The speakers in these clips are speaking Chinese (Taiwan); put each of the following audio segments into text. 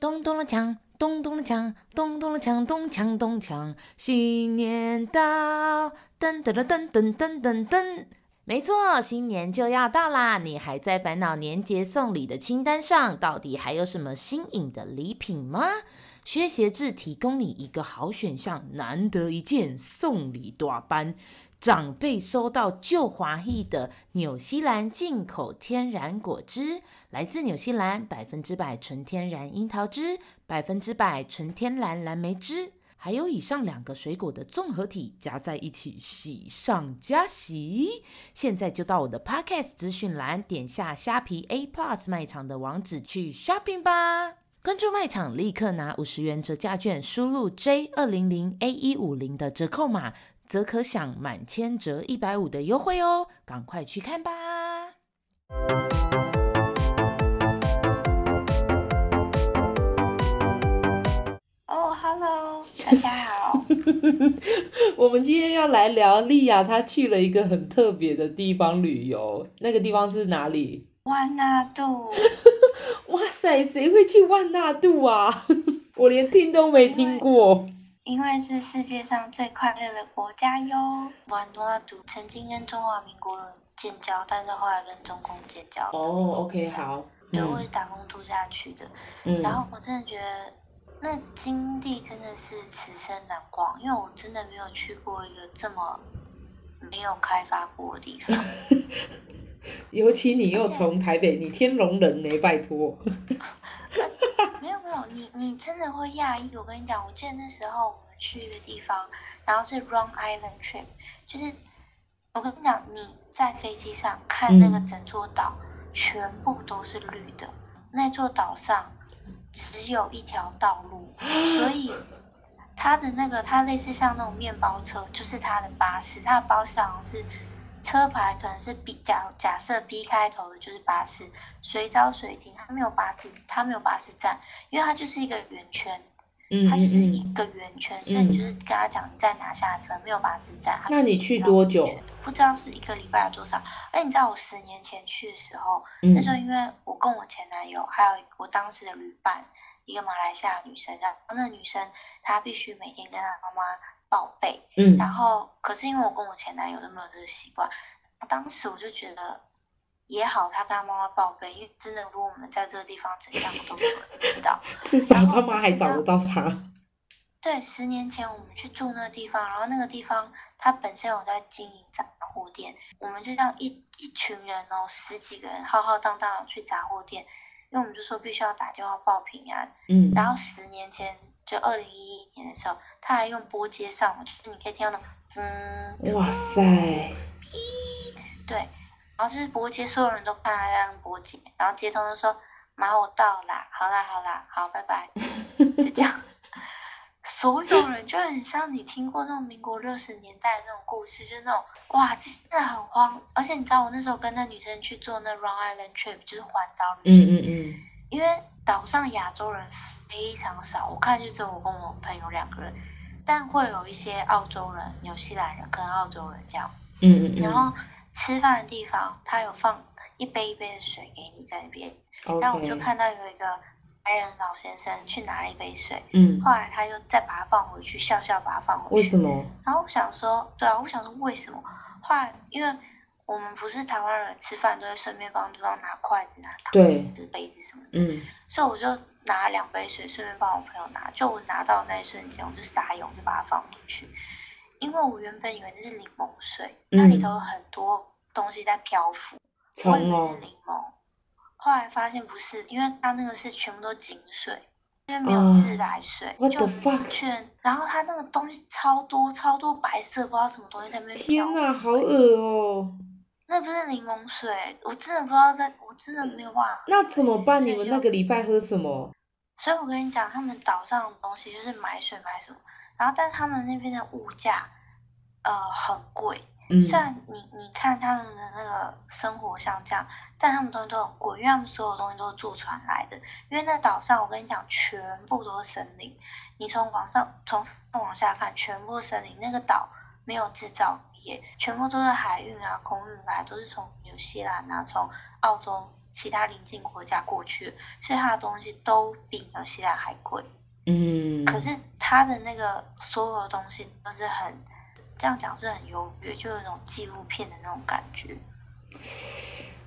咚咚了鏘，咚咚了鏘，咚咚了鏘，咚鏘咚鏘，新年到，噔噔噔噔噔噔噔。沒錯，新年就要到啦！你還在煩惱年節送禮的清單上，到底還有什麼新穎的禮品嗎？薛協志提供你一個好選項，難得一見，送禮大班。長輩收到舊華裔的紐西蘭進口天然果汁，來自紐西蘭百分之百純天然櫻桃汁，百分之百純天然藍莓汁，還有以上兩個水果的綜合體加在一起，喜上加喜。現在就到我的 Podcast 資訊欄，點下蝦皮 A Plus 賣場的網址去 shopping 吧。關注賣場，立刻拿五十元折價券，輸入 J 二零零 A 一五零的折扣碼。則可享滿千折一百五的優惠哦，趕快去看吧哦、oh, h 嘍 e l l o 大家好， 我們今天要來聊利亞，他去了一個很特別的地方旅遊，那個地方是哪裡？萬那度。哇塞，誰會去萬那度啊？ 我連聽都沒聽過。因為是世界上最快樂的國家喲。萬那杜曾經跟中華民國建交，但是後來跟中共建交。哦、oh，OK，好。對，我是打工度假去的。嗯。然後我真的覺得，那經歷真的是此生難忘，因為我真的沒有去過一個這麼沒有開發過的地方。 尤其你又從台北，你天龍人沒拜託 、呃，沒有沒有，你你真的會訝異。我跟你講，我記得那時候我們去一個地方，然後是 Round Island Trip，就是我跟你講，你在飛機上看那個整座島、嗯，全部都是綠的。那座島上只有一條道路，所以它的那個，它類似像那種麵包車，就是它的巴士，它的巴士好像是。車牌可能是 B，假假設 B 開頭的就是巴士，隨招隨停，它沒有巴士，它沒有巴士站，因為它就是一個圓圈，它就是一個圓圈、嗯哼哼，所以你就是跟他講，你在哪下車、嗯，沒有巴士站圈圈。那你去多久？不知道是，是一個禮拜多少。哎，你知道我十年前去的時候，嗯、那時候因為我跟我前男友還有我當時的旅伴，一個馬來西亞女生，然後那個女生她必須每天跟她媽媽。報備，嗯，然後可是因為我跟我前男友都沒有這個習慣，當時我就覺得也好，他跟他媽媽報備，因為真的，如果我們在這個地方怎樣，真我都沒有人知道， 至少他媽還找得到他。對，十年前我們去住那個地方，然後那個地方他本身有在經營雜貨店，我們就這樣一一群人哦，十幾個人浩浩蕩蕩去雜貨店，因為我們就說必須要打電話報平安，嗯，然後十年前。就二零一一年的時候，他還用撥接上，就是你可以聽到那種嗯，哇塞，對，然後就是撥接，所有人都看他讓撥接，然後接通就說，媽我到啦，好啦好啦，好，好拜拜，就這樣， 所有人就很像你聽過那種民國六十年代的那種故事，就是那種，哇，真的很慌，而且你知道我那時候跟那女生去做那 round island trip 就是環島旅行，嗯嗯嗯，因為島上亞洲人。非常少，我看就只有我跟我朋友兩個人，但會有一些澳洲人、紐西蘭人跟澳洲人這樣。嗯，嗯嗯。然後吃飯的地方，他有放一杯一杯的水給你在那邊，okay. 然後我就看到有一個白人老先生去拿了一杯水，嗯，後來他又再把它放回去，笑笑把它放回去。為什麼？然後我想說，對啊，我想說為什麼？後來因為我們不是台灣人，吃飯都會順便幫對方拿筷子、拿湯匙、杯子什麼的，嗯，所以我就。拿兩杯水，順便幫我朋友拿。就我拿到的那一瞬間，我就撒傻眼，我就把它放進去。因為我原本以為那是檸檬水，那、嗯、裡頭有很多東西在漂浮，我以為是檸檬。後來發現不是，因為它那個是全部都是井水，哦，因為沒有自來水。我就 fuck 然後它那個東西超多，超多白色，不知道什麼東西在那邊。天哪，好噁哦。那不是檸檬水，我真的不知道在，在我真的沒有辦法。那怎麼辦？你們那個禮拜喝什麼？所以我跟你講，他們島上的東西就是買水買什麼，然後，但他們那邊的物價，呃，很貴。雖然你你看他們的那個生活像這樣，但他們東西都很貴，因為他們所有東西都是坐船來的。因為那島上我跟你講，全部都是森林。你從往上從上往下看，全部是森林。那個島沒有製造業，全部都是海運啊、空運來，都是從紐西蘭啊、從澳洲。其他鄰近國家過去，所以他的東西都比紐西蘭還貴。嗯，可是他的那個所有的東西都是很，這樣講是很優越，就有一種紀錄片的那種感覺。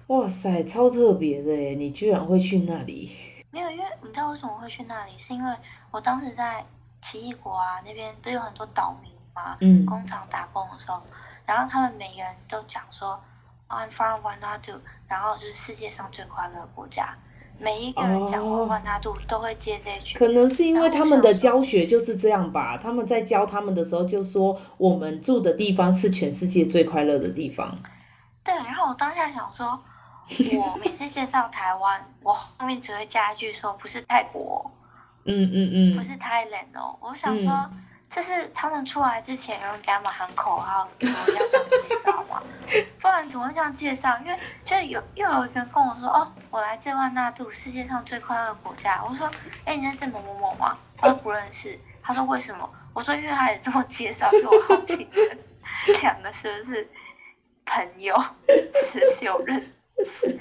哇塞，超特別的耶！你居然會去那裡？沒有，因為你知道為什麼會去那裡？是因為我當時在奇異國啊那邊，不是有很多島民嘛？嗯，工廠打工的時候，然後他們每個人都講說。然後就是世界上最快樂的國家，每一個人講完 Vanuatu 都會接這一句。可能是因為他們的教學就是這樣吧，他們在教他們的時候就說我們住的地方是全世界最快樂的地方。對，然後我當下想說，我每次介紹台灣， 我後面只會加一句說不是泰國、哦，嗯嗯嗯，不是 Thailand 哦，我想說。嗯這是他們出來之前有人給他們喊口號，給他們這樣介紹嘛？不然怎麼會這樣介紹？因為就有又有人跟我說，哦，我來自萬那杜，世界上最快樂的國家。我說，誒、欸、你認識某某某嗎？他說不認識。他說為什麼？我說因為他也這麼介紹，是我好奇人。兩個是不是朋友？只是，是有認識。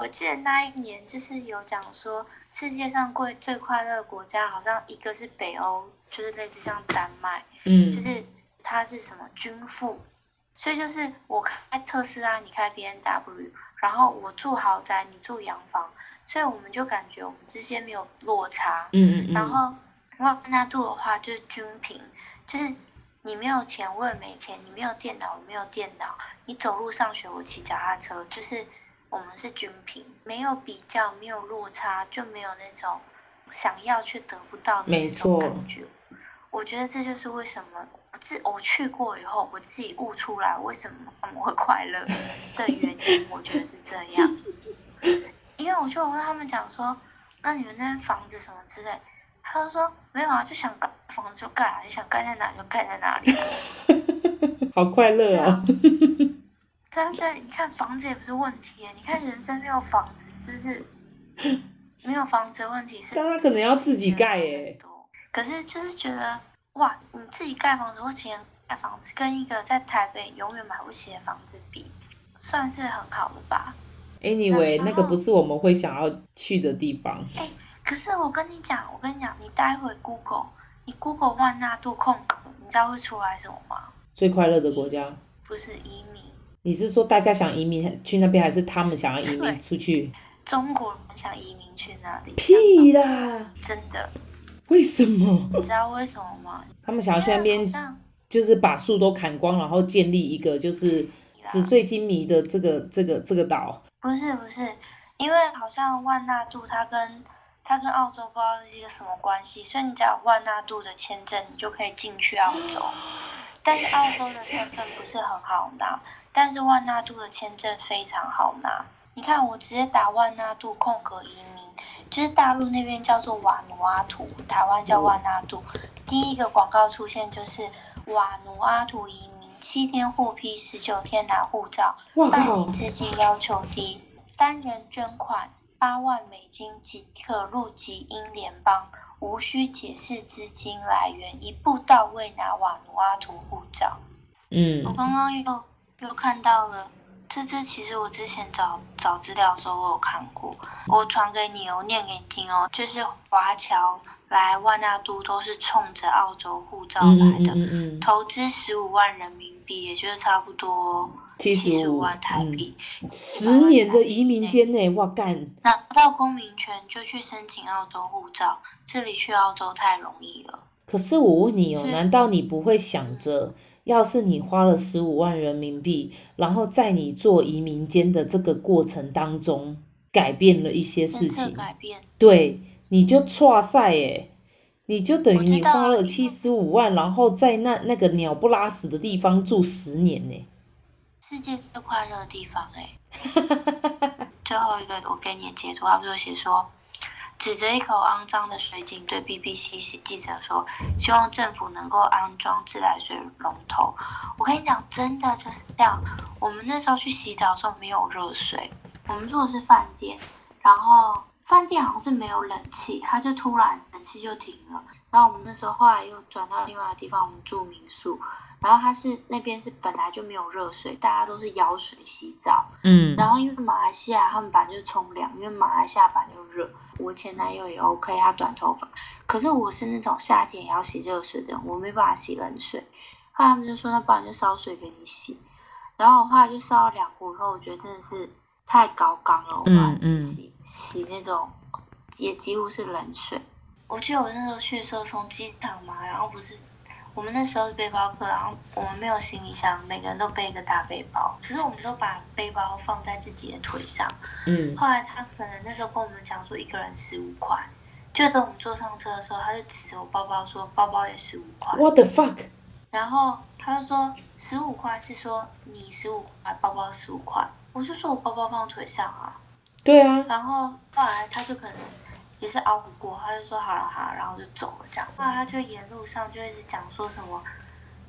我記得那一年就是有講說世界上最最快樂的國家，好像一個是北歐，就是類似像丹麥，嗯，就是它是什麼均富，所以就是我開特斯拉，你開 BMW，然後我住豪宅，你住洋房，所以我們就感覺我們之間沒有落差，嗯嗯，嗯，然後萬那杜的話就是均貧，就是你沒有錢，我也沒錢，你沒有電腦，我沒有電腦，你走路上學，我騎腳踏車，就是。我們是均平，沒有比較，沒有落差，就沒有那種想要卻得不到的那種感覺。我覺得這就是為什麼我自我去過以後，我自己悟出來為什麼我們會快樂的原因。 我覺得是這樣，因為我就問他們講說：“那你們那邊房子什麼之類？”他就說：“沒有啊，就想蓋房子就蓋啊，你想蓋在哪就蓋在哪裡，哪裡啊”好快樂啊！但是你看房子也不是問題， 你看人生沒有房子是不、就是沒有房子的問題是？但他可能要自己蓋耶、欸。可是就是覺得哇，你自己蓋房子或請人蓋房子，跟一個在台北永遠買不起的房子比，算是很好的吧？Anyway，欸、那個不是我們會想要去的地方。欸、可是我跟你講，我跟你講，你待會 Google，你 Google 萬那杜空格，你知道會出來什麼嗎？最快樂的國家不是移民。你是說大家想移民去那邊，還是他們想要移民出去？中國人想移民去那裡？屁啦！真的？為什麼？你知道為什麼嗎？他們想要去那邊，就是把樹都砍光，然後建立一個就是紙醉金迷的這個這個這個島。不是不是，因為好像萬那杜他跟他跟澳洲不知道是一個什麼關係，所以你只要有萬那杜的簽證，你就可以進去澳洲 ，但是澳洲的簽證不是很好拿。 但是萬那杜的簽證非常好拿，你看我直接打萬那杜空格移民，就是大陸那邊叫做瓦努阿圖，台灣叫萬那杜。第一個廣告出現就是瓦努阿圖移民，七天獲批，十九天拿護照，辦理資金要求低，單人捐款八萬美金即可入籍英聯邦，無需解釋資金來源，一步到位拿瓦努阿圖護照。嗯，我剛剛又。又看到了，這這其實我之前找找資料的時候我有看過，我傳給你、哦，我念給你聽哦。就是華僑來萬那杜都是衝着澳洲護照來的，嗯、投資十五萬人民幣、嗯，也就是差不多七十五萬台幣、嗯，十年的移民簽呢哇，幹。拿到公民權就去申請澳洲護照，這裡去澳洲太容易了。嗯、可是我問你哦，難道你不會想着？要是你花了十五萬人民幣，然後在你做移民監的這個過程當中改變了一些事情，改變對，你就錯晒誒，你就等於你花了七十五萬，啊，然後在那那個鳥不拉屎的地方住十年呢，世界最快樂的地方哎， 最後一個我給你截圖，他不是寫說。指着一口骯髒的水井對 BBC 記者說：“希望政府能夠安裝自來水龍頭。”我跟你講，真的就是這樣。我們那時候去洗澡的時候沒有熱水，我們住的是飯店，然後飯店好像是沒有冷氣，它就突然冷氣就停了。然後我們那時候後來又轉到另外的地方，我們住民宿，然後他是那邊是本來就沒有熱水，大家都是舀水洗澡。嗯。然後因為馬來西亞他們本來就沖涼，因為馬來西亞本來就熱。我前男友也 OK，他短頭髮，可是我是那種夏天也要洗熱水的人，我沒辦法洗冷水。後來他們就說，那不然就燒水給你洗，然後我後來就燒了兩壺，然後我覺得真的是太搞剛了，我嗯、嗯，洗洗那種也幾乎是冷水。我記得我那時候去的時候，從機場嘛，然後不是，我們那時候是背包客，然後我們沒有行李箱，每個人都背一個大背包。可是我們都把背包放在自己的腿上。嗯。後來他可能那時候跟我們講說，一個人十五塊。就等我們坐上車的時候，他就指著我包包說：“包包也十五塊。” What the fuck？然後他就說：“十五塊是說你十五塊，包包十五塊。”我就說我包包放腿上啊。對啊。然後後來他就可能。也是熬不過，他就說好了好了，然後就走了這樣。那他就沿路上就一直講說什麼，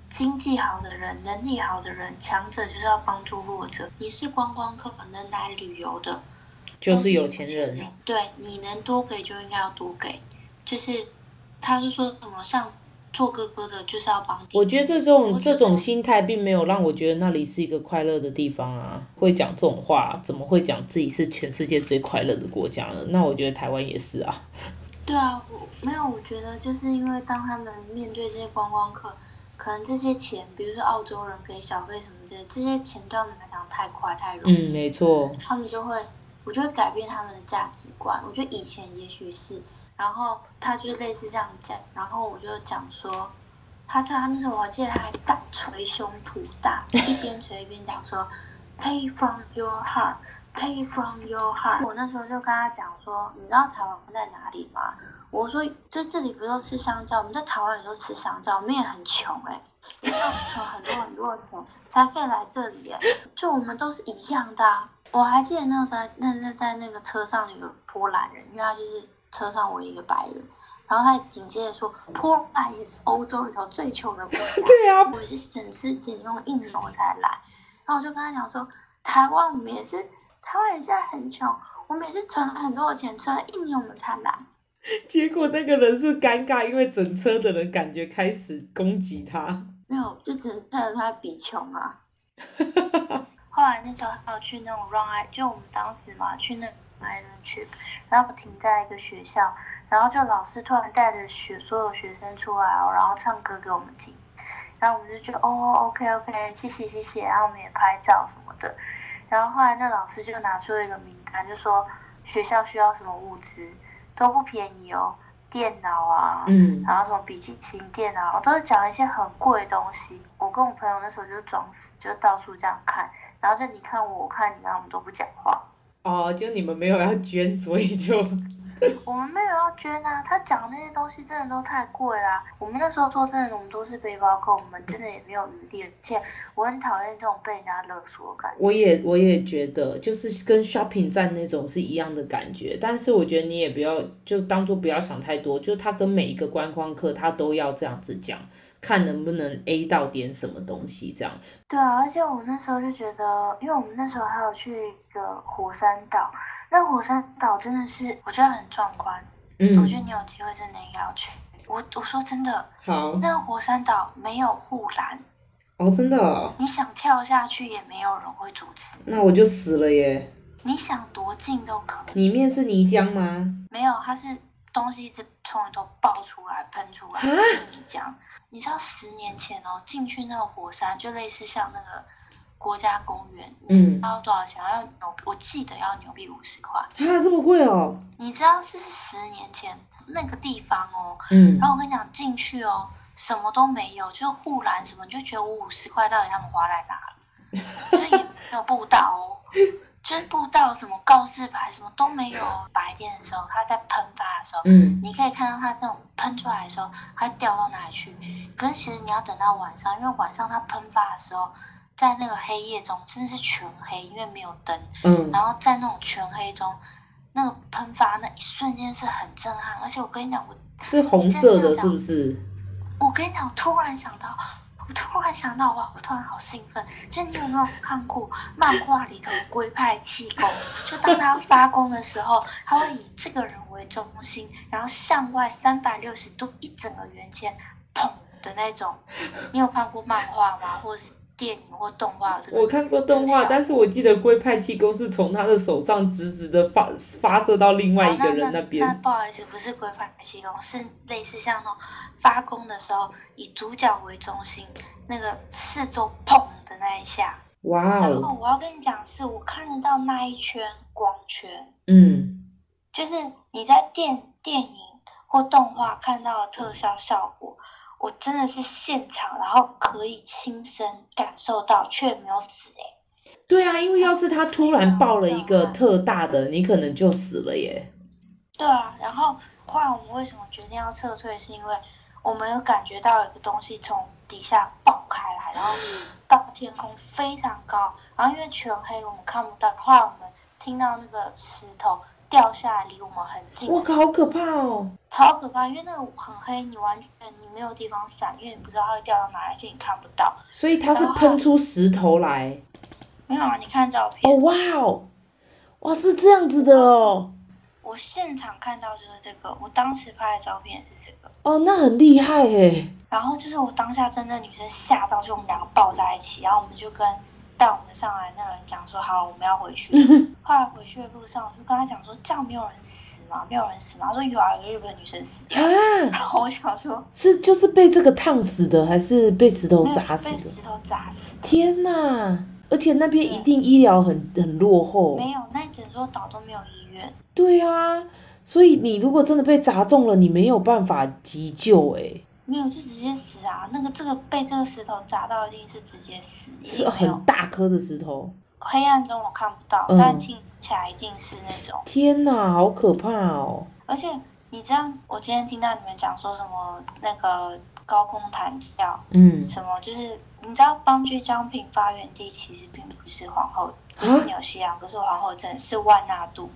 經濟好的人、能力好的人、強者就是要幫助弱者。你是觀光客，能來旅遊的，就是有錢人。對，你能多給就應該要多給，就是，他就說什麼上。做哥哥的就是要幫。我覺得這種我覺得這種心態並沒有讓我覺得那裡是一個快樂的地方啊！會講這種話啊，怎麼會講自己是全世界最快樂的國家呢？那我覺得台灣也是啊。對啊，我沒有。我覺得就是因為當他們面對這些觀光客，可能這些錢，比如說澳洲人給小費什麼這些，這些錢對我們來講太快太容易。嗯，沒錯。他們就會，我就會改變他們的價值觀。我覺得以前也許是。然後他就類似這樣講，然後我就講說，他他那時候我記得他還大捶胸脯大，大一邊捶一邊講說 ，Pay from your heart, Pay from your heart。 我那時候就跟他講說，你知道台灣在哪裡嗎？我說，就這裡不都吃香蕉？我們在台灣也都吃香蕉，我們也很窮哎、欸，要存很多很多錢才可以來這裡哎、欸，就我們都是一樣的、啊。我還記得那時候那那，那在那個車上有個波蘭人，因為他就是。車上我一個白人，然後他緊接着說，波蘭是歐洲裡頭最窮的國家。 對啊，我是省吃儉用一年我才來，然後我就跟他講說，台灣我們也是，台灣也，現在很窮，我們也是存了很多的錢，存了一年我們才來。結果那個人是尷尬，因為整車的人感覺開始攻擊他。沒有，就只是在和他比窮啊。 後來那時候還有去那種 run，就我們當時嘛去那個。去，然後停在一個學校，然後就老師突然帶着學所有學生出來哦，然後唱歌給我們聽，然後我們就覺得哦哦，OK OK，謝謝謝謝，然後我們也拍照什麼的，然後後來那老師就拿出一個名單，就說學校需要什麼物資，都不便宜哦，電腦啊，嗯，然後什麼筆記型電腦，都是講一些很貴的東西，我跟我朋友那時候就是裝死，就到處這樣看，然後就你看我我看你啊，我們都不講話。哦、oh，就你們沒有要捐，所以就 我們沒有要捐啊！他講那些東西真的都太貴啦，啊。我們那時候做真的，我們都是背包客，我們真的也沒有餘錢。我很討厭這種被人家勒索的感覺。我也我也覺得，就是跟 shopping 站那種是一樣的感覺。但是我覺得你也不要，就當做不要想太多。就他跟每一個觀光客，他都要這樣子講。看能不能 A 到點什麼東西這樣。對啊，而且我那時候就覺得，因為我們那時候還有去一個火山島，那火山島真的是我覺得很壯觀。嗯。我覺得你有機會真的應該要去。我我說真的。好。那個火山島沒有護欄。哦，真的。你想跳下去也沒有人會阻止。那我就死了耶。你想多近都可以。裡面是泥漿嗎？嗯，沒有，它是東西一直。從裡頭爆出來，噴出來，跟、啊、你講，你知道十年前哦、喔，進去那個火山就類似像那個國家公園，嗯，要多少錢？要紐，我記得要紐幣五十塊，它、啊、這麼貴哦。你知道是十年前那個地方哦、喔，嗯，然後我跟你講進去哦、喔，什麼都沒有，就護欄什麼，你就覺得我五十塊到底他們花在哪裡？ 就也沒有步道、喔。 不知到什麼告示牌什麼都沒有。白天的時候，它在噴發的時候，嗯，你可以看到它這種噴出來的時候，它掉到哪裡去。可是其實你要等到晚上，因為晚上它噴發的時候，在那個黑夜中，真的是全黑，因為沒有燈，嗯，然後在那種全黑中，那個噴發的那一瞬間是很震撼。而且我跟你講，我是紅色的，是不是？我跟你講，突然想到。我突然想到哇，我突然好興奮！就是、你有沒有看過漫畫裡頭龜派氣功？就當他發功的時候，他會以這個人為中心，然後向外三百六十度一整個圓圈，砰的那種。你有看過漫畫嗎？或者是。電影或動畫，我看過動畫，但是我記得龜派氣功是從他的手上直直的發發射到另外一個人那邊。哦，那，那，那，不好意思，不是龜派氣功，是類似像那種發功的時候，以主角為中心，那個四周砰的那一下。哇。然後我要跟你講，是我看得到那一圈光圈。嗯。就是你在電電影或動畫看到的特效效果。嗯我真的是現場，然後可以親身感受到，卻沒有死哎。對啊，因為要是他突然爆了一個特大的，你可能就死了耶。對啊，然後後來我們為什麼決定要撤退，是因為我們有感覺到有個東西從底下爆開來，然後到天空非常高，然後因為全黑我們看不到。後來我們聽到那個石頭。掉下來離我們很近，我靠，好可怕哦！超可怕，因為那個很黑，你完全你沒有地方閃，因為你不知道它會掉到哪裡，而且你看不到。所以它是噴出石頭來，沒有啊？你看照片哦，哇、oh, wow，哇，是這樣子的哦。我現場看到就是這個，我當時拍的照片也是這個。哦、oh,，那很厲害哎、欸。然後就是我當下真的女生嚇到，就我們兩個抱在一起，然後我們就跟帶我們上來那人講說：好，我們要回去。 後來回去的路上，我就跟他講說，這樣沒有人死嗎？沒有人死嗎？他說有啊，有個日本女生死掉。啊！然後我想說，是就是被這個燙死的，還是被石頭砸死的？石頭砸死。天吶！而且那邊一定醫療很很落後。沒有，那整座島都沒有醫院。對啊，所以你如果真的被砸中了，你沒有辦法急救誒、欸、沒有，就直接死啊！那個這個被這個石頭砸到，一定是直接死。是很大顆的石頭。黑暗中我看不到、嗯，但聽起來一定是那種。天吶，好可怕哦！而且你知道，我今天聽到你們講說什麼那個高空彈跳，嗯，什麼就是你知道邦居江平發源地其實並不是皇後，不、就是紐西蘭，可是皇後鎮是萬那杜。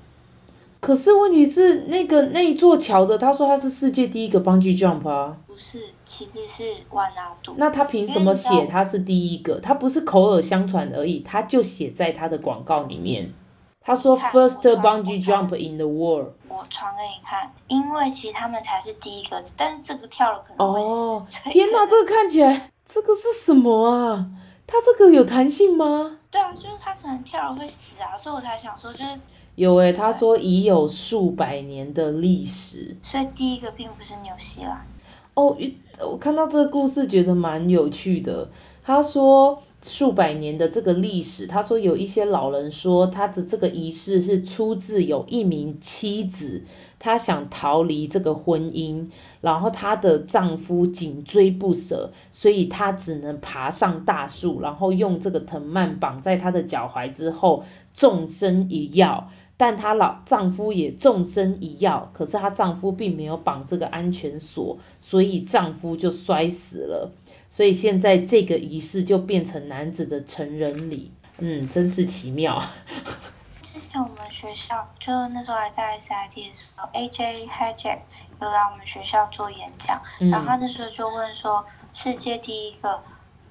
可是問題是那個那一座橋的，他說他是世界第一個 bungee jump 啊。不是，其實是萬那杜。那他憑什麼寫他是第一個？他不是口耳相傳而已，嗯、他就寫在他的廣告裡面。他說 first bungee jump in the world。我傳給你看，因為其實他們才是第一個，但是這個跳了可能會死。哦，這個、天哪，這個看起來，這個是什麼啊？它這個有彈性嗎？ 對啊，就是它可能跳了會死啊，所以我才想說就是。有誒、欸，他說已有數百年的歷史，所以第一個並不是紐西蘭。哦，我看到這個故事覺得蠻有趣的。他說數百年的這個歷史，他說有一些老人說他的這個儀式是出自有一名妻子，她想逃離這個婚姻，然後她的丈夫緊追不捨，所以她只能爬上大樹，然後用這個藤蔓綁在她的腳踝之後，縱身一躍。但她老丈夫也縱身一躍，可是她丈夫並沒有綁這個安全鎖，所以丈夫就摔死了。所以現在這個儀式就變成男子的成人禮，嗯，真是奇妙。之前我們學校就那時候還在 SIT 的時候，AJ Hajek 有來我們學校做演講，嗯，然後他那時候就問說：世界第一個。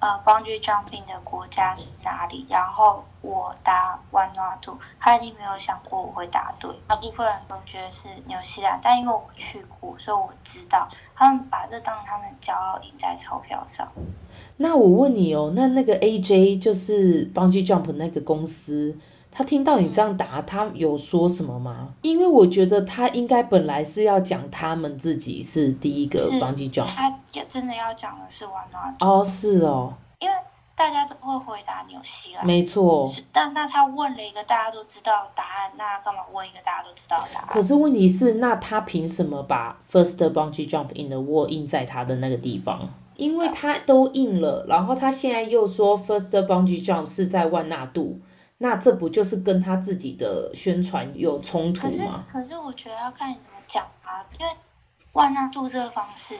呃，蹦極 jumping 的國家是哪裡？然後我答 Vanuatu 他一定沒有想過我會答對。大部分人都覺得是紐西蘭，但因為我去過，所以我知道他們把這當他們驕傲，印在鈔票上。那我問你哦，那那個 AJ 就是蹦極 jump 那個公司。他聽到你這樣答、嗯，他有說什麼嗎？因為我覺得他應該本來是要講他們自己是第一個 bungee jump，他真的要講的是萬那杜。哦，是哦。因為大家都會回答紐西蘭，沒錯。但那他問了一個大家都知道答案，那幹嘛問一個大家都知道答案？可是問題是，那他憑什麼把 first bungee jump in the world 印在他的那個地方？嗯、因為他都印了，然後他現在又說 first bungee jump 是在萬那杜。那這不就是跟他自己的宣傳有衝突嗎？可是，可是我覺得要看你們講啊，因為萬那杜這個方式，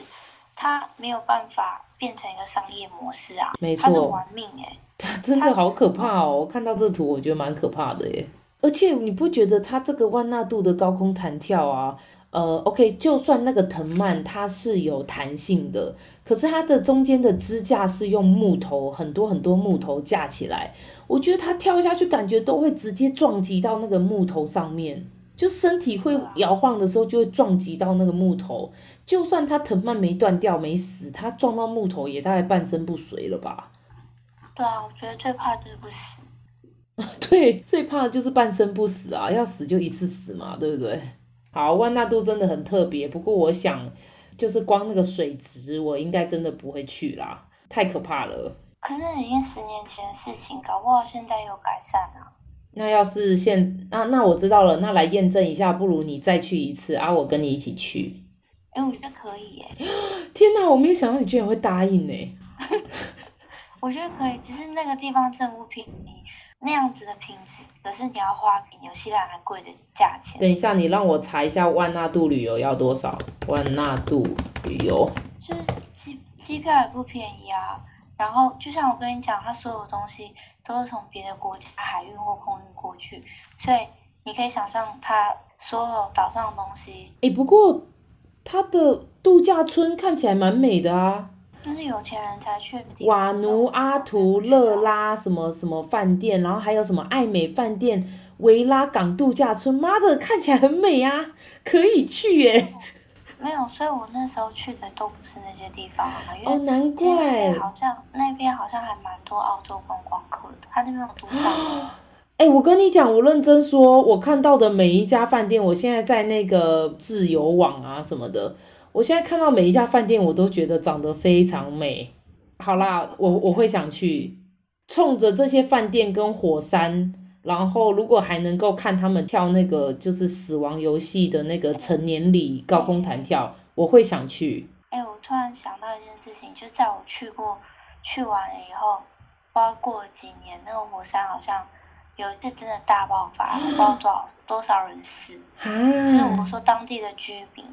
他沒有辦法變成一個商業模式啊。沒錯，它是玩命哎、欸，他真的好可怕哦、喔！我看到這圖，我覺得蠻可怕的耶、欸。而且你不覺得他這個萬那杜的高空彈跳啊？呃，OK，就算那個藤蔓它是有彈性的，可是它的中間的支架是用木頭，很多很多木頭架起來。我覺得它跳下去，感覺都會直接撞擊到那個木頭上面，就身體會搖晃的時候就會撞擊到那個木頭。就算它藤蔓沒斷掉，沒死，它撞到木頭也大概半身不遂了吧？對啊，我覺得最怕的就是不死。 對，最怕的就是半身不死啊！要死就一次死嘛，對不對？好，萬那杜真的很特別。不過我想，就是光那個水質，我應該真的不會去啦，太可怕了。可是已經十年前的事情，搞不好現在又改善了，啊。那要是現，那那我知道了，那來驗證一下，不如你再去一次啊，我跟你一起去。哎，欸，我覺得可以哎，欸。天哪，啊，我沒有想到你居然會答應呢，欸。 我覺得可以，只是那個地方政不平。那樣子的品質，可是你要花比紐西蘭還貴的價錢。等一下，你讓我查一下萬那杜旅遊要多少？萬那杜旅遊就是機機票也不便宜啊。然後就像我跟你講，它所有東西都是從別的國家海運或空運過去，所以你可以想象它所有島上的東西。誒、欸、不過它的度假村看起來蠻美的啊。那是有錢人才去的地方。瓦努阿圖勒拉什麼什麼飯店，然後還有什麼艾美飯店、維拉港度假村，媽的，看起來很美啊，可以去耶。沒有，所以我那時候去的都不是那些地方了、啊、嘛。哦，難怪，好像那邊好像還蠻多澳洲觀光客的，他那邊有賭場。哎， 我跟你講，我認真說，我看到的每一家飯店，我現在在那個自由網啊什麼的。我現在看到每一家飯店，我都覺得長得非常美好啦。Okay. 我我會想去，衝着這些飯店跟火山，然後如果還能夠看他們跳那個就是死亡遊戲的那個成年禮高空彈跳、欸，我會想去。誒、欸、我突然想到一件事情，就是、在我去過去完了以後，包括過了幾年，那個火山好像有一次真的大爆發，啊、不知道多少多少人死，就、啊、是我們說當地的居民，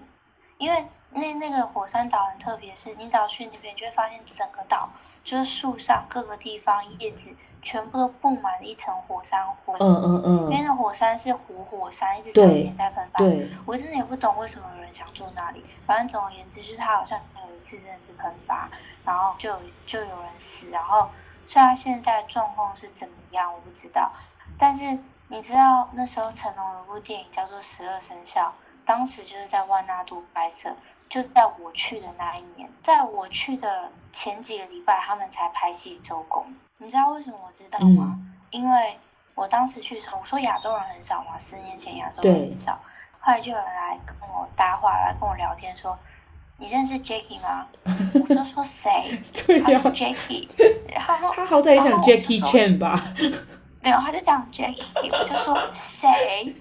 因為。那那個火山島很特別，是你只要去那邊，就會發現整個島就是樹上各個地方葉子全部都布滿了一層火山灰。嗯嗯嗯。因為那火山是活火山，一直常年在噴發。對。對。我真的也不懂為什麼有人想住那裡。反正總而言之，就是它好像有一次真的是噴發，然後就就有人死。然後雖然現在狀況是怎麼樣，我不知道。但是你知道那時候成龍有部電影叫做《十二生肖》。當時就是在萬那杜拍攝，就在我去的那一年，在我去的前幾個禮拜，他們才拍戲收工。你知道為什麼我知道嗎、嗯？因為我當時去的時候，我說亞洲人很少嘛，十年前亞洲人很少，後來就有人來跟我搭話，來跟我聊天說：“你認識 Jackie 嗎？”我就說誰：“誰、 啊？” Jackie 然後, Jackie, 然後 他好歹也像 Jackie Chan 吧。 ”然後、哦，他就講 Jackie，我就說誰？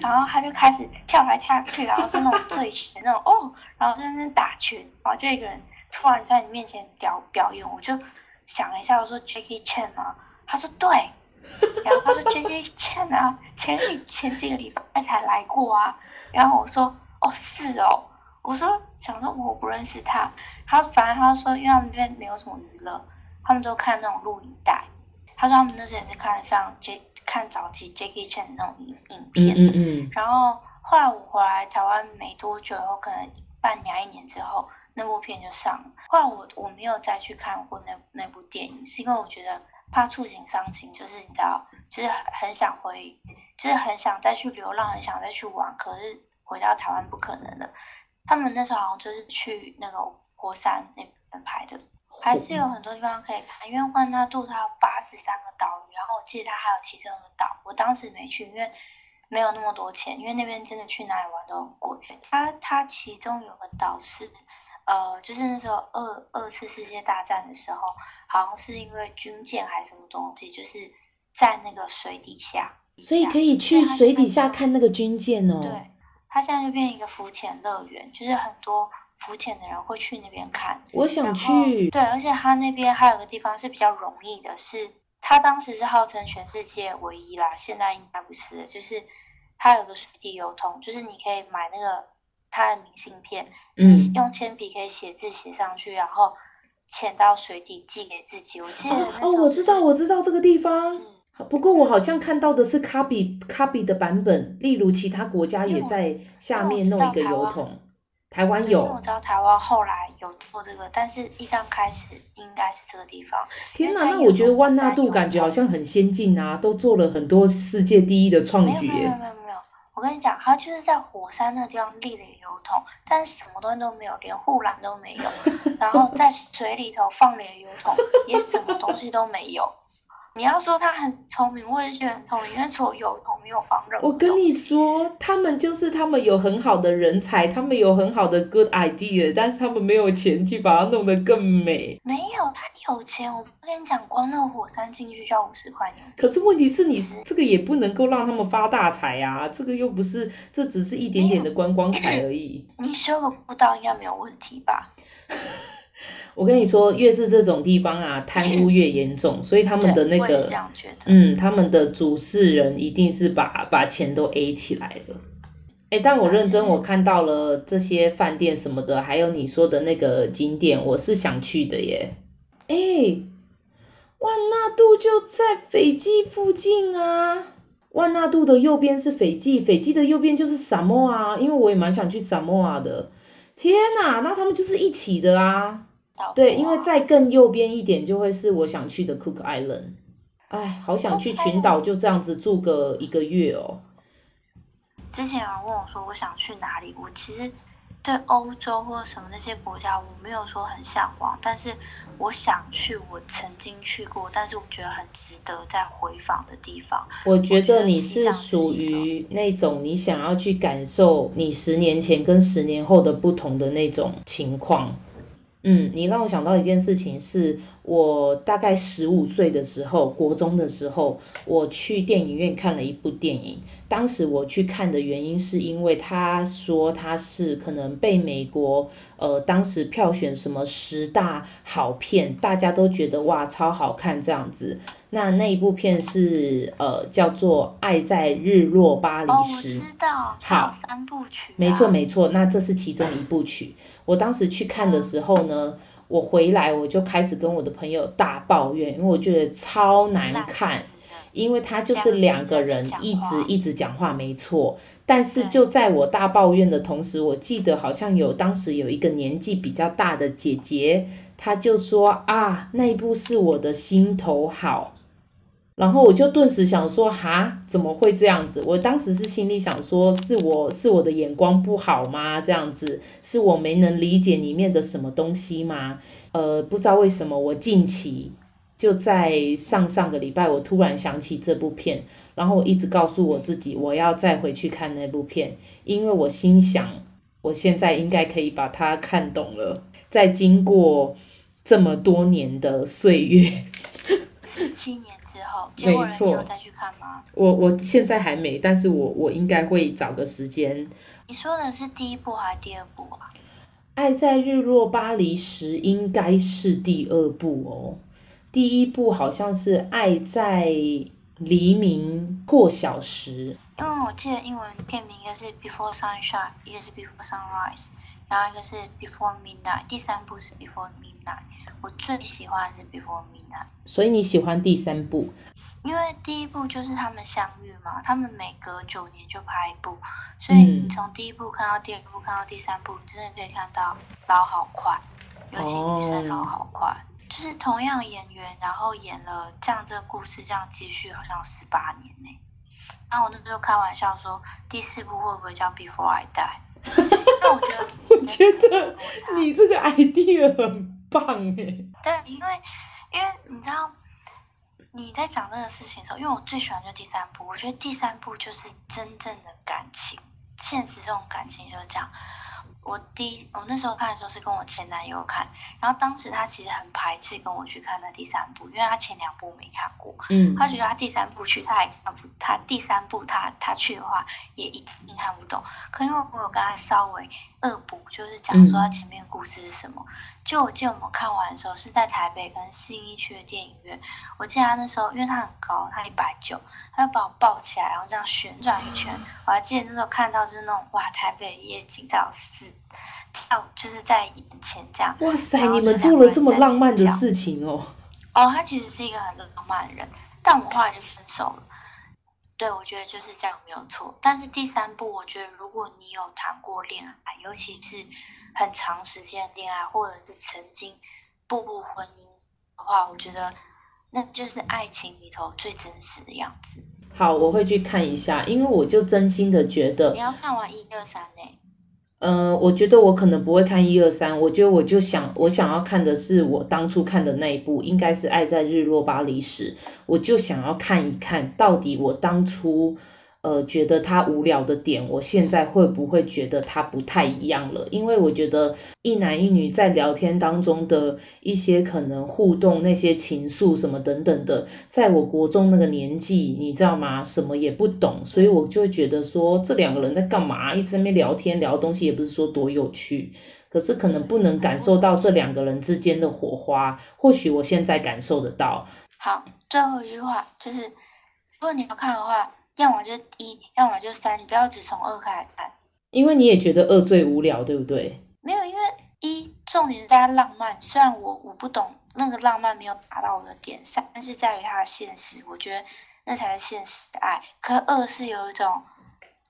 然後他就開始跳來跳去，然後就那種醉拳那種哦，然後就在那邊打拳，然後就一個人突然在你面前表表演，我就想了一下，我說 Jackie Chan 啊，他說對，然後他說 Jackie Chan 啊，前幾前幾個禮拜才來過啊，然後我說哦是哦，我說想說我不認識他，他反正他說因為他們那邊沒有什麼娛樂，他們都看那種錄影帶。他說他們那時候也是看像 j 看早期 Jackie Chan 的那種影影片，然後後來我回來台灣沒多久後，後可能半年一年之後那部片就上了。後來我我沒有再去看過那那部電影，是因為我覺得怕觸景傷情，就是你知道，就是很，很想回，就是很想再去流浪，很想再去玩，可是回到台灣不可能了。他們那時候好像就是去那個火山那邊拍的。還是有很多地方可以看，因為萬那杜它有八十三個島嶼，然後我記得它還有其中一個島。我當時沒去，因為沒有那麼多錢，因為那邊真的去哪裡玩都很貴。它它其中有個島是，呃，就是那時候二二次世界大戰的時候，好像是因為軍艦還是什麼東西，就是在那個水底下，所以可以去水底，水底下看那個軍艦哦。對，它現在就變一個浮潛樂園，就是很多。浮潛的人會去那邊看，我想去。對，而且他那邊還有個地方是比較容易的是，是他當時是號稱全世界唯一啦，現在應該不是。就是他有個水底郵筒，就是你可以買那個他的明信片，嗯，你用鉛筆可以寫字寫上去，然後潛到水底寄給自己。我記得、嗯、哦，哦，我知道我知道這個地方、嗯，不過我好像看到的是卡比卡比的版本，例如其他國家也在下面弄一個郵筒。台灣有，因為我知道台灣後來有做這個，但是一剛開始應該是這個地方。天哪，那我覺得萬那杜感覺好像很先進啊，都做了很多世界第一的創舉。沒有沒有沒有沒有，我跟你講，他就是在火山那地方立了一個郵筒，但是什麼東西都沒有，連護欄都沒有， 然後在水裡頭放了一個郵筒，也什麼東西都沒有。你要說他很聰明，我也覺得很聰明，因為從有銅沒有房。熱。我跟你說，他們就是他們有很好的人才，他們有很好的 good idea，但是他們沒有錢去把它弄得更美。沒有，他有錢，我跟你講，光那個火山進去就要五十塊錢。可是問題是你是這個也不能夠讓他們發大財呀，啊，這個又不是，這只是一點點的觀光財而已，欸你。你修個步道應該沒有問題吧？ 我跟你說，越是這種地方啊，貪污越嚴重，所以他們的那個，嗯，他們的主事人一定是把把錢都 A 起來了。哎，但我認真我看到了這些飯店什麼的，還有你說的那個景點，我是想去的耶。哎，萬那杜就在斐濟附近啊，萬那杜的右邊是斐濟，斐濟的右邊就是薩摩亞，因為我也蠻想去薩摩亞的。天哪，那他們就是一起的啊！對，因為再更右邊一點就會是我想去的 Cook Island，哎，好想去群島，就這樣子住個一個月哦。之前有人問我說我想去哪裡，我其實對歐洲或什麼那些國家我沒有說很嚮往，但是我想去我曾經去過，但是我覺得很值得再回訪的地方。我覺得你是屬於那種你想要去感受你十年前跟十年後的不同的那種情況。嗯，你讓我想到一件事情是。我大概十五歲的時候，國中的時候，我去電影院看了一部電影。當時我去看的原因是因為他說他是可能被美國，呃，當時票選什麼十大好片，大家都覺得哇超好看這樣子。那那一部片是呃叫做《愛在日落巴黎時》，哦，我知道，好，三部曲啊。沒錯沒錯，那這是其中一部曲。我當時去看的時候呢。嗯我回來，我就開始跟我的朋友大抱怨，因為我覺得超難看，因為他就是兩個人一直一直講話沒錯，但是就在我大抱怨的同時，我記得好像有當時有一個年紀比較大的姐姐，她就說啊，那部是我的心頭好。然後我就頓時想說，哈，怎麼會這樣子？我當時是心裡想說，是我是我的眼光不好嗎？這樣子是我沒能理解裡面的什麼東西嗎？呃，不知道為什麼，我近期就在上上個禮拜，我突然想起這部片，然後我一直告訴我自己，我要再回去看那部片，因為我心想，我現在應該可以把它看懂了，在經過這麼多年的歲月，四七年。人沒錯，你有再去看嗎？我我現在還沒，但是我我應該會找個時間。你說的是第一部還是第二部啊？愛在日落巴黎時應該是第二部哦，第一部好像是愛在黎明破曉時。因為我記得英文片名一個是 Before Sunshine，一個是 Before Sunrise，然後一個是 Before Midnight，第三部是 Before Midnight。我最喜歡的是 Before Midnight，所以你喜歡第三部，因為第一部就是他們相遇嘛，他們每隔九年就拍一部，嗯，所以你從第一部看到第二部，看到第三部，你真的可以看到老好快，尤其女生老好快，哦，就是同樣演員，然後演了這樣這個故事，這樣繼續好像十八年誒。然後我那時候開玩笑說，第四部會不會叫 Before I Die？ 但我覺得， 我覺得你這個，你這個 idea。 棒耶，對，因為因為你知道你在講這個事情的時候，因為我最喜歡就第三部，我覺得第三部就是真正的感情，現實這種感情就是這樣。我第一我那時候看的時候是跟我前男友看，然後當時他其實很排斥跟我去看那第三部，因為他前兩部沒看過，嗯，他覺得他第三部去他也看不，他第三部他他去的話也一定看不懂。可因為我有跟他稍微。惡補，就是講說他前面故事是什麼。嗯，就我記得我們看完的時候是在台北跟信義區的電影院。我記得他那時候因為他很高，他一百九，他就把我抱起來，然後這樣旋轉一圈。嗯、我還記得那時候看到就是那種哇，台北夜景在有四跳、啊，就是在眼前這樣。哇塞，在，你們做了這麼浪漫的事情哦！哦，他其實是一個很浪漫的人，但我們後來就分手了。對，我覺得就是這樣，沒有錯。但是第三步，我覺得如果你有談過戀愛，尤其是很長時間戀愛，或者是曾經步入婚姻的話，我覺得那就是愛情裡頭最真實的樣子。好，我會去看一下，因為我就真心的覺得你要看完一、二、三呢。嗯、呃，我覺得我可能不會看一二三，我覺得我就想，我想要看的是我當初看的那一部，應該是《愛在日落巴黎時》，我就想要看一看到底我當初。呃，覺得他無聊的點，我現在會不會覺得他不太一樣了？因為我覺得一男一女在聊天當中的一些可能互動，那些情愫什麼等等的，在我國中那個年紀，你知道嗎？什麼也不懂，所以我就會覺得說這兩個人在幹嘛？一直在那邊聊天，聊的東西也不是說多有趣，可是可能不能感受到這兩個人之間的火花。或許我現在感受得到。好，最後一句話就是，如果你要看的話。要麼就是一，要麼就是三，你不要只從二開始看，因為你也覺得二最無聊，對不對？沒有，因為一重點是大家浪漫。雖然我我不懂那個浪漫沒有達到我的點，三，但是在於它的現實，我覺得那才是現實的愛。可是二是有一種，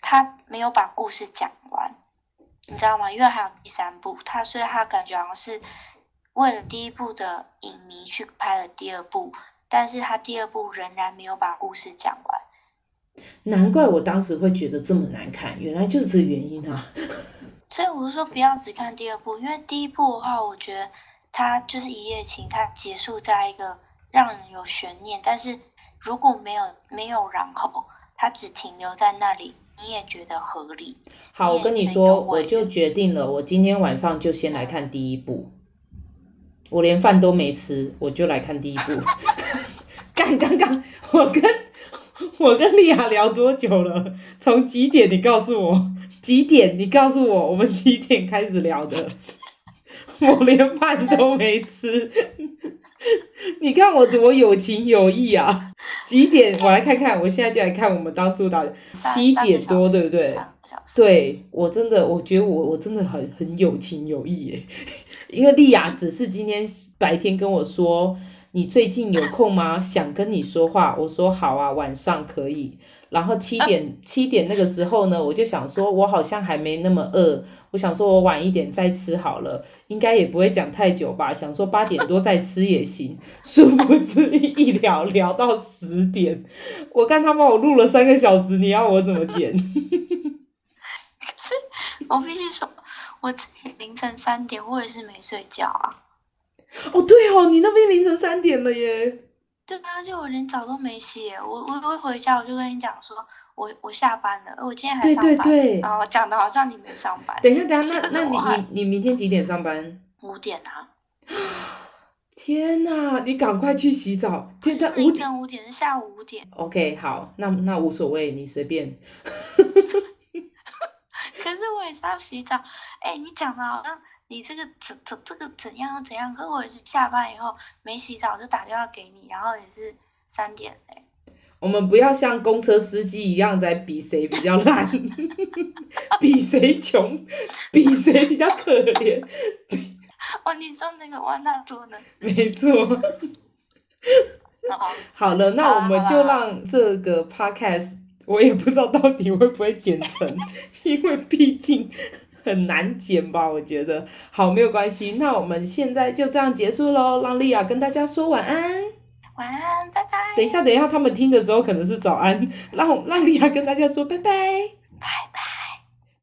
他沒有把故事講完，你知道嗎？因為還有第三部，他所以他感覺好像是為了第一部的影迷去拍了第二部，但是他第二部仍然沒有把故事講完。難怪我當時會覺得這麼難看，原來就是這原因啊！所以我是說不要只看第二部，因為第一部的話，我覺得它就是一夜情，它結束在一個讓人有懸念，但是如果沒有沒有然後，它只停留在那裡，你也覺得合理。好，我跟你說，我就決定了，我今天晚上就先來看第一部，我連飯都沒吃，我就來看第一部。 幹，剛剛我跟。我跟麗亞聊多久了？從幾點？你告訴我幾點？你告訴我我們幾點開始聊的？我連飯都沒吃，你看我多有情有義啊！幾點？我來看看，我現在就來看我們當初打七點多，對不對？對，我真的，我覺得我我真的很很有情有義耶，因為麗亞只是今天白天跟我說。你最近有空嗎？想跟你說話，我說好啊，晚上可以。然後七點七點那個時候呢，我就想說，我好像還沒那麼餓，我想說我晚一點再吃好了，應該也不會講太久吧。想說八點多再吃也行。殊不知一,一聊聊到十點，我看他們我錄了三個小時，你要我怎麼剪？可是我必須說，我凌晨三點我也是沒睡覺啊。哦，對哦，你那邊凌晨三點了耶！對啊，而且我連澡都沒洗。我我我回家我就跟你講說，我我下班了，我今天還上班。對對對。我講的好像你沒上班。等一下，等一下，那下那你你你明天幾點上班？五點啊！天哪，你趕快去洗澡！不是天五點，五點是下午五點。OK，好，那那無所謂，你隨便。 可是我也是要洗澡。哎、欸，你講的好像。你這個怎怎這個怎樣怎樣？可是我是下班以後沒洗澡就打電話給你，然後也是三點嘞。我們不要像公車司機一樣在比誰比較爛， 比誰窮，比誰比較可憐。哦， 你說那個萬那杜呢？沒錯。 好，好了，好了，那我們就讓這個 podcast，我也不知道到底會不會剪成， 因為畢竟。很難剪吧，我覺得。好，沒有關係，那我們現在就這樣結束嘍。讓莉亞跟大家說晚安，晚安，拜拜。等一下，等一下，他們聽的時候可能是早安。讓讓莉亞跟大家說拜拜，拜拜。